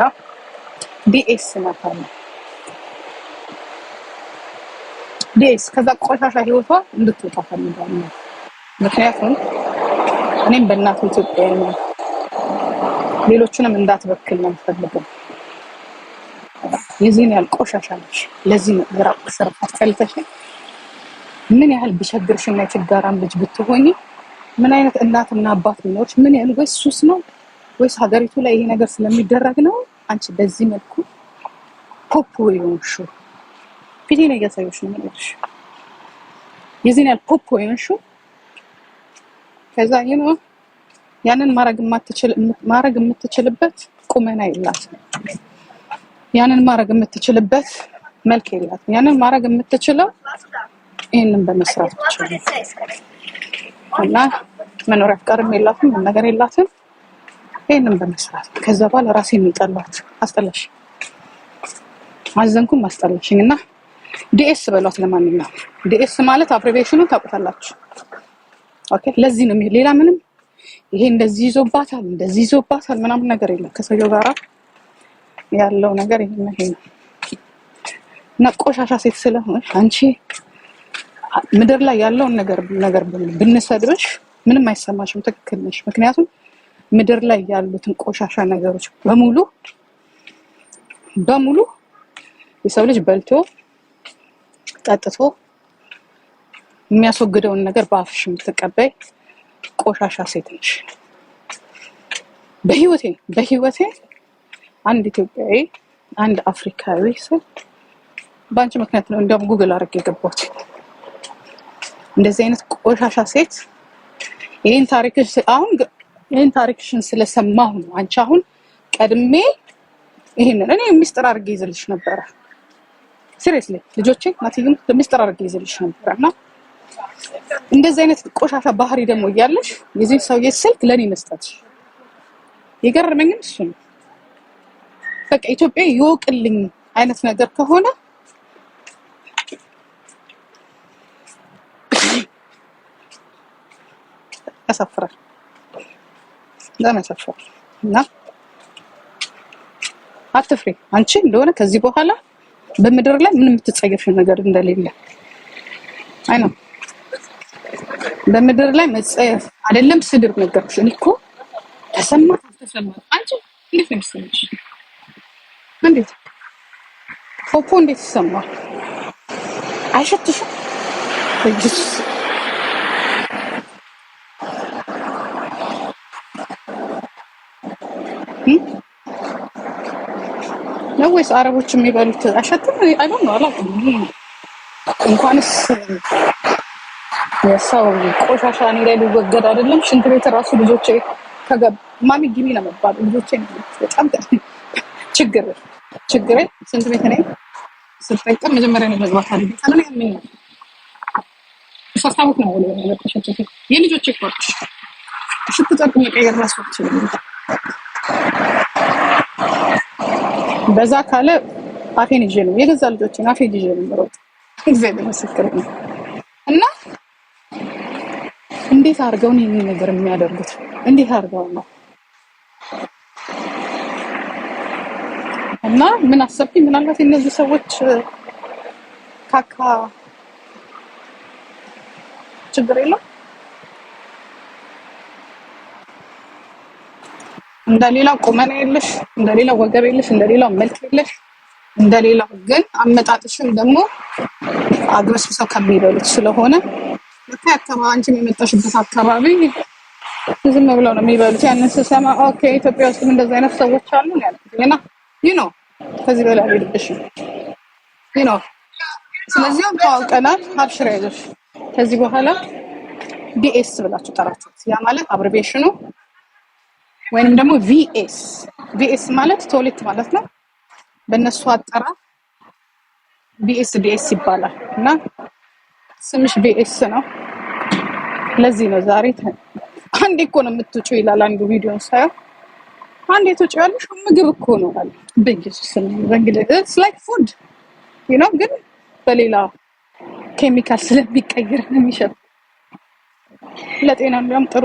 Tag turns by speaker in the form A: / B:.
A: ነው ዲኤስ ናታ ነው ዲኤስ። ከዛ ቆሻሻ ህይወቷ እንድትወጣ ፈልጋለሁ። ምክንያቱም እኔም በእናት ኢትዮጵያ ነው፣ ሌሎቹንም እንዳትበክል ነው የምፈልገው። የዚህን ያህል ቆሻሻ ነች። ለዚህ ነው ስራ ፈልተሽ ምን ያህል ቢቸግርሽና የችጋራም ልጅ ብትሆኚ ምን አይነት እናትና አባት ቢኖርሽ ምን ያህል ወይስ ሱስ ነው ወይስ ሀገሪቱ ላይ ይሄ ነገር ስለሚደረግ ነው አንቺ በዚህ መልኩ ፖፕ ወይ ሆንሹ? ፊቴ ነው እያሳየሁሽ ነው የምነግርሽ። የዚህን ያህል ፖፕ ወይ ሆንሹ። ከዛ ይህ ነው ያንን ማድረግ የምትችልበት ቁመና የላትም። ያንን ማድረግ የምትችልበት መልክ የላትም። ያንን ማድረግ የምትችለው ይህንን በመስራት ብቻ ነው እና መኖሪያ ፍቃድም የላትም፣ ምን ነገር የላትም። ይህንም በመስራት ከዛ በኋላ ራሴ የሚጠሏት አስጠላሽ፣ አዘንኩም አስጠላሽኝ እና ዲኤስ በሏት። ለማንኛውም ዲኤስ ማለት አብሬቬሽኑን ታውቁታላችሁ። ኦኬ፣ ለዚህ ነው ሌላ ምንም ይሄ እንደዚህ ይዞባታል እንደዚህ ይዞባታል ምናምን ነገር የለም። ከሰውየው ጋራ ያለው ነገር ይሄ ነው እና ቆሻሻ ሴት ስለሆንሽ አንቺ ምድር ላይ ያለውን ነገር ነገር ብንሰድብሽ ምንም አይሰማሽም። ትክክል ነሽ። ምክንያቱም ምድር ላይ ያሉትን ቆሻሻ ነገሮች በሙሉ በሙሉ የሰው ልጅ በልቶ ጠጥቶ የሚያስወግደውን ነገር በአፍሽ የምትቀበይ ቆሻሻ ሴት ነሽ። በህይወቴ በህይወቴ አንድ ኢትዮጵያዊ አንድ አፍሪካዊ ስል በአንቺ ምክንያት ነው እንዲያውም ጉግል አድርጌ የገባሁት። እንደዚህ አይነት ቆሻሻ ሴት ይህን ታሪክ አሁን ይህን ታሪክሽን ስለሰማሁ ነው። አንቺ አሁን ቀድሜ ይሄንን እኔ ሚስጥር አድርጌ ይዝልሽ ነበረ። ሲሪየስሊ ልጆቼ ናትይም ሚስጥር አድርጌ ይዝልሽ ነበረ እና እንደዚህ አይነት ቆሻሻ ባህሪ ደግሞ እያለሽ የዚህ ሰውዬ ስልክ ለእኔ መስጠት የገረመኝም እሱ ነው። በቃ ኢትዮጵያ ይወቅልኝ አይነት ነገር ከሆነ ያሳፍራል። ለመሰፈር እና አትፍሪ አንቺ እንደሆነ ከዚህ በኋላ በምድር ላይ ምን የምትጸየፊው ነገር እንደሌለ አይ ነው። በምድር ላይ መጸየፍ አይደለም ስድብ ነገርኩሽ። እኮ ተሰማ ተሰማ። አንቺ እንዴት ነው የሚሰማሽ? እንዴት ፖፖ እንዴት ይሰማል? አይሸትሽም? Hmm? ነው ወይስ አረቦች የሚበሉት አሸትም? አይ ነው አላውቅም። እንኳንስ የሰው ቆሻሻ እኔ ላይ ሊወገድ አይደለም ሽንት ቤት ራሱ ልጆቼ ከገብ ማሚ ግቢ ነው የምባለው። ልጆቼ በጣም ችግር ችግር ሽንት ቤት ነኝ ስጠቀም መጀመሪያ ነው መግባት አለ ታለ ምን ሳስታውቅ ነው ወለ የልጆቼ ቆርጥ ሽት ጨርቅ መቀየር ራሱ አልችልም። በዛ ካለ አፌን ይዤ ነው የገዛ ልጆችን አፌን ይዤ ነው የምሮጥ። እግዚአብሔር ምስክር ነው። እና እንዴት አድርገው ነው ይህን ነገር የሚያደርጉት? እንዴት አድርገው ነው እና ምን አሰብኩኝ፣ ምናልባት የእነዚህ ሰዎች ካካ ችግር የለው እንደሌላው ቁመና የለሽ፣ እንደሌላው ወገብ የለሽ፣ እንደሌላው መልክ የለሽ፣ እንደሌላው ግን አመጣጥሽም ደግሞ አግበስብሰው ከሚበሉት ስለሆነ ለካ አካባቢ አንቺም የመጣሽበት አካባቢ ዝም ብለው ነው የሚበሉት። ያንን ስሰማ ኦኬ ኢትዮጵያ ውስጥም እንደዚህ አይነት ሰዎች አሉ ነው ያልኩት። እና ይህ ነው ከዚህ በላይ አልሄድብሽ ይህ ነው። ስለዚህ ተዋውቀናል። አብሽር አይዞሽ። ከዚህ በኋላ ዲኤስ ብላችሁ ጠራችሁት። ያ ማለት አብሬቬሽኑ ወይንም ደግሞ ቪኤስ ቪኤስ ማለት ቶሌት ማለት ነው። በእነሱ አጠራር ቪኤስ ቪኤስ ይባላል እና ስምሽ ቪኤስ ነው። ለዚህ ነው ዛሬ አንድ እኮ ነው የምትውጩ ይላል አንዱ ቪዲዮን ሳየው አንዴ ትውጪዋለሽ ምግብ እኮ ነው አለ በኢየሱስ ስም በእንግሊዝ ላይክ ፉድ ዩ ኖ ግን በሌላ ኬሚካል ስለሚቀይር ነው የሚሸጥ ለጤና እንዲያውም ጥሩ